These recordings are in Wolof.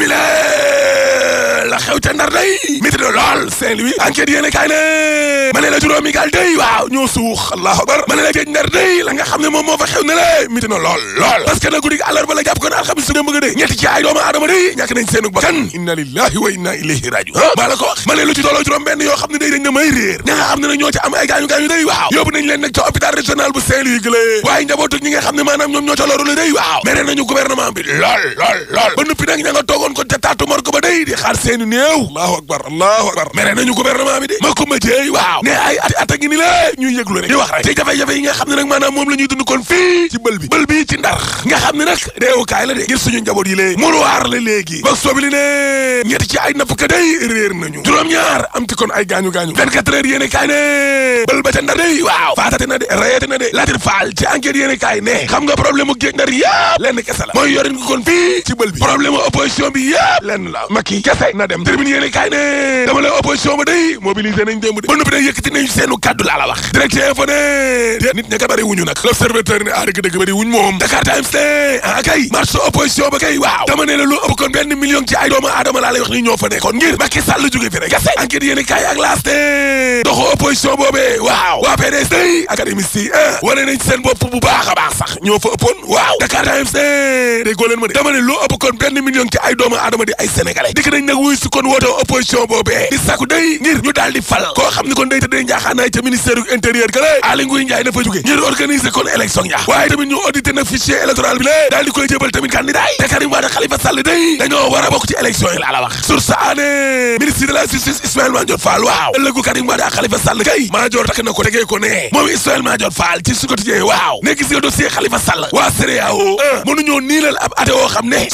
bile. la xew ca ndar day métti de lool Saint-Louis enquête yéen a kaay ne ma ne la juróomi gaal day waaw ñoo suux allahu akbar ma ne ndar day la nga xam ne moom moo fa xew ne la métti lool lool parce que na guddi àllarba la jàpp alxamis su démb ga de ñetti ci ay doomu aadama day ñàkk nañ seenu bakkan inna lillahi wa inna ilayhi rajiun maa ci tolloo juróom benn yoo xam ne day dañ ña nga xam ne ñoo ci am ay gaañu gaañu day waaw yóbbu bu Saint-Louis gëlé ne ca ay nu néew allahu akbar allahu akbar mere nañu gouvernement bi de ma ko ma jeey waaw ne ay ati ata gi ni la ñuy yëglu di wax te jafe-jafe nga xam ne nag maanaam moom la ñuy dund kon fii ci bël bi bël bi ci ndar nga xam ne nag deewukaay la de ngir suñu njaboot yi lée muluwaar la léegi ba sobi ne ñetti ci ay nappka day réer nañu juróom-ñaar am ci kon ay gaañu-gaañu 24 heures yéene na de rayete faal ci enquête yéene kaay ne xam nga problème mu ndar yëpp a dem tribune yéene kaay ne dama la opposition ba day mobilisé nañ démb de ba noppi nag yëkkati nañ seenu kàddu laa la wax direct info ne dée nit ña ka bëri wuñu nag l'observateur ne ah dëgg-dëgg wuñ moom Dakar Times ne ah kay marche opposition ba waaw a Dakar Times ne déggoo leen ma de dama ne lu ëpp kon benn million ci ay doomu aadama di ay sénégalais dikk nañ nag wuy socialiste kon woote opposition boobee di sakku day ngir ñu daal di fal koo xam ni kon day tëddee njaaxaanaay ca ministère intérieur gële Aly Ngouille Ndiaye dafa jóge ngir organiser kon élection ya waaye tamit ñu audité na fichier électoral bi lée daal di koy jébal tamit candidat yi te Karim Wade Khalifa Sall day dañoo war a bokk ci élection yi la la wax la justice Ismaïla Madior Fall waaw ëllëgu Karim Wade ak Khalifa Sall kay Madior takk ko tegee ko ne moom Ismaïla Madior Fall ci su quotidien waaw ne gis nga dossier Sall waa CEDEAO mënuñoo niilal ab ate woo xam ab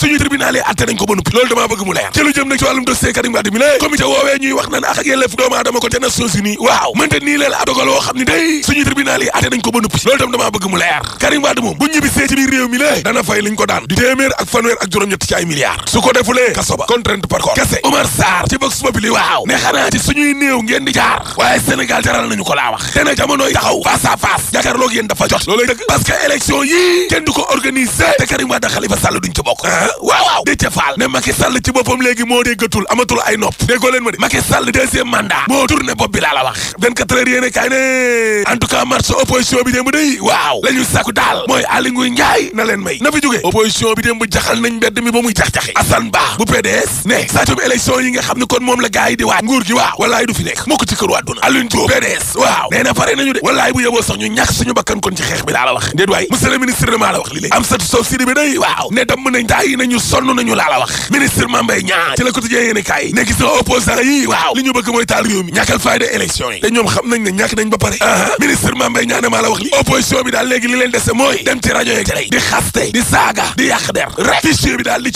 dogal woo xam ne day suñu tribunal yi atte nañ ko ba noppi loolu tam mu leer Karim Wade moom bu ñibbisee ci biir réew mi la dana fay liñ ko daan di téeméer ak fanweer ak juróom-ñett ci ay milliards su ko defulee kaso ba par corps waaw ne xanaa ci suñuy néew ngeen di jaar waaye Sénégal jaral nañu ko laa wax te na jamonoy taxaw face à face jàkkaarloog yéen dafa jot loolay dëgg parce que élection yii kenn du ko organiser te Karim Wade Khalifa Sall duñ ci bokk ah, waaw waaw Déthié Fall ne Macky Sall ci boppam léegi moo déggatul amatul ay nopp déggoo leen ma de Macky Sall deuxième mandat moo tourné bopp bi laa la wax 24 heures yéene kaay ne en tout cas marche opposition bi démb bu PDS gaay di waaj nguur gi waaw walaay du fi nekk mukk ci këru àdduna Alioune Diop PDS waaw nee na pare nañu de walaay bu yeboo sax ñu ñàkk suñu bakkan kon ci xeex bi laa wax déet waay monsieur le ministre damaa la wax li lay am satu sow sidi bi waaw ne dam nañ tàyyi nañu sonn nañu laa wax ministre Mambay yi waaw li ah ah wax li opposition bi daal léegi li leen dese mooy dem ci rajo yeeg télé di xaste di saaga di yàq der rek bi daal li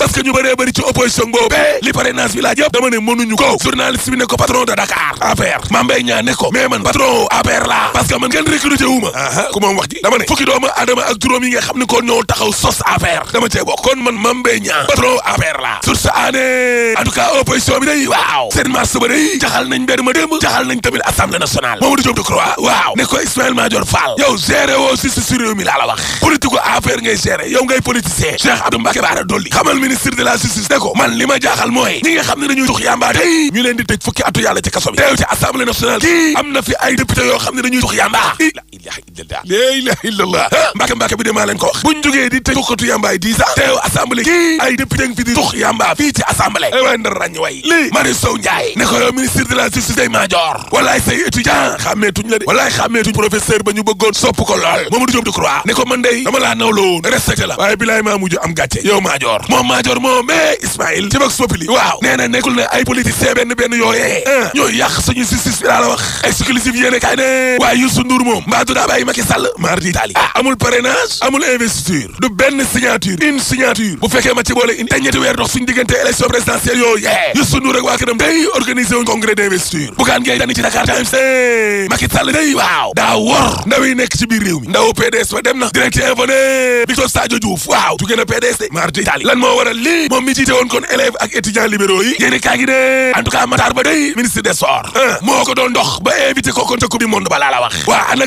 parce que ñu bëree bëri ci opposition boobu eh, li parrainage bi laaj yëpp dama ne mënuñu ko journaliste bi ko patron de Dakar APR Mame Mbaye Niang ne ko patron APR laa parce que man kenn recruté wu ma ku moom wax ji dama ne doomu adama ak juróom yi nga xam ne ko ñoo taxaw sos APR dama cee bokk kon man Mame Mbaye Niang patron APR laa waxtaane en tout cas opposition day waaw seen mars ba day jaxal nañ mbir ma démb jaxal nañ tamit assemblée nationale Mamadou Diop Decroix waaw ne ko Ismaïla Madior Fall yow géré woo si si réew mi laa la ngay géré yow ngay politicien Cheikh Abdou Mbacké Bara Dolly xamal ministre de la justice ne man li ma mooy ñi nga xam ne dañuy tux yamba tey ñu leen di tëj fukki atu yàlla ci kaso bi teew ci assemblée am na fi ay député yoo xam ne dañuy tux ci assemblée ay eh waay ndar ràññ way lii Marie Sow Ndiaye ne ko ministre de la justice day maajoor walaay say étudiant xàmmeetuñ la de walaay xàmmeetuñ professeur ba ñu bëggoon sopp ko lool Mamadou Diop Decroix ne ko man day dama laa naw la la waaye bilaay maa mujj am gàcce yow maajoor moom maajoor moom mais eh, Ismaïl ci bag soppili waaw nee nekkul ne ay politicien benn benn yooyee ah ñooy yàq suñu justice bi laa la wax exclusive yéene kaay ne waaye Youssou Ndour du daa bàyyi Macky Sall mardi Italie ah amul parrainage amul élection présidentielle yooyu yee Youssou Ndour ak waa këram day organiser wuñ congrès d'investiture Bougane Gueye Dany ci Dakar Times eh, Macky Sall day waaw daa wor ndaw nekk ci biir réew mi ndaw PDS ba dem na direct info Victor Sadio Diouf waaw jugee na PDS de mardi itali lan moo waral lii moom mi jiite woon kon élèves ak étudiants libéraux yi yéeni kaa gi ne en Ba day ministre des Sports moo ko doon dox ba invité ko kon ca coupe du wax waa ana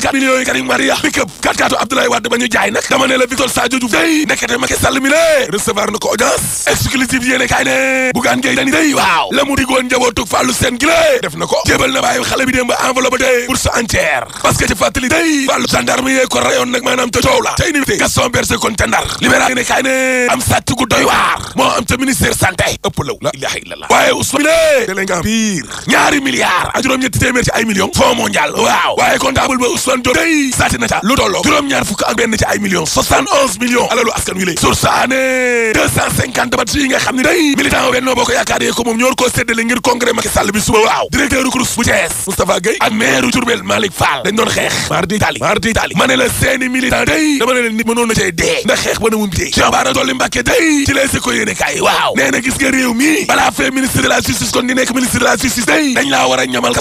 4 Bougane Gueye Dany day waaw la mu diggoon njabootug Fallou Sène gi lée def na ko jébal na bàyyi xale bi dem ba enveloppe day bourse entière parce ci fàttali day Fallou gendarme yee ko rayoon nag maanaam ca la ca université Gaston Berger kon ca Ndar libéral ne kaay am sàcc gu doy waar moo am ca ministère santé ëpp law la ilaha illallah waaye Ousmane lée ñaari milliards ak juróom-ñetti téeméer ci ay millions fonds waaw waaye comptable ba Ousmane militant Benno Bokk Yaakaar yee ko moom ñoo ko séddale ngir congrès Macky Sall bi suba waaw directeur CROUS bu Thiès Moustapha Gueye ak maire Diourbel Malick Fall dañ doon xeex mardi tali mardi seeni militant day dama ne leen nit mënoon na cay dee ndax xeex ba na mun dee Cheikh Bara Dolly Mbacké day ci les si ko waaw nee gis nga réew mi balaa fee ministre de la justice kon di nekk ministre de la justice day dañ laa war a ñamal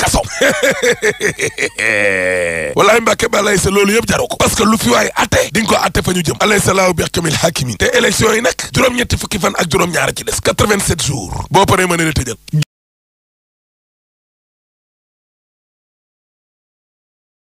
kaso walaay Mbàkke ba lay sa loolu yëpp jaru ko parce que lu fi waay atte di ko atte fa ñu jëm alay sa bi xamil hakimin te élection yi nag juróom-ñetti fukki fan ak juróom-ñaar ci des quatre-vingt-sept jours boo paree mën a tëjal